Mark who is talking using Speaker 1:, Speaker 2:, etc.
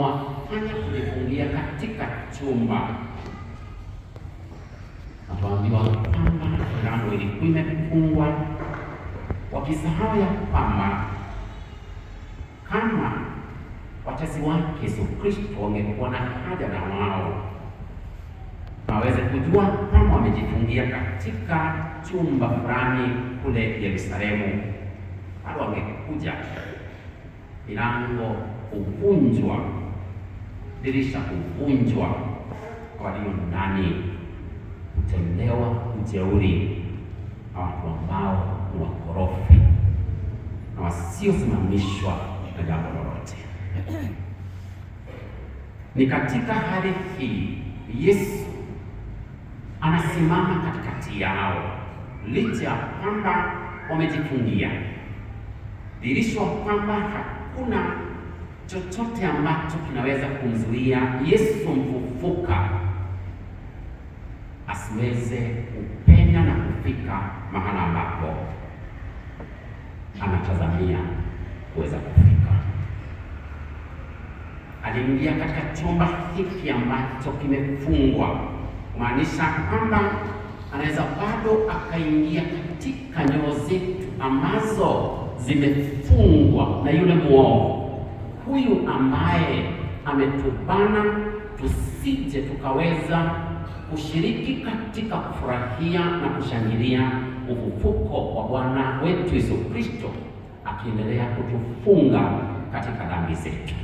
Speaker 1: Wakifanya kujifungia katika chumba, wataambiwa kwamba milango ilikuwa imefungwa, wakisahau ya kwamba kama wazazi wake Yesu Kristo wangekuwa na haja na wao waweze kujua kama wamejifungia katika chumba fulani kule Yerusalemu, bado wangekuja milango kuvunjwa dirisha kuvunjwa, walio ndani kutendewa ujeuri na watu ambao ni wakorofi na wasiosimamishwa na jambo lolote. Ni katika hali hii Yesu anasimama katikati yao, licha ya kwamba wamejifungia dirisha, kwamba hakuna chochote ambacho kinaweza kumzuia Yesu mfufuka asiweze kupenya na kufika mahala ambapo anatazamia kuweza kufika. Aliingia katika chumba hiki ambacho kimefungwa, kumaanisha kwamba anaweza bado akaingia katika nyoo zetu ambazo zimefungwa na yule mwovu huyu ambaye ametubana tusije tukaweza kushiriki katika kufurahia na kushangilia ufufuko wa Bwana wetu Yesu Kristo, akiendelea kutufunga katika dhambi zetu.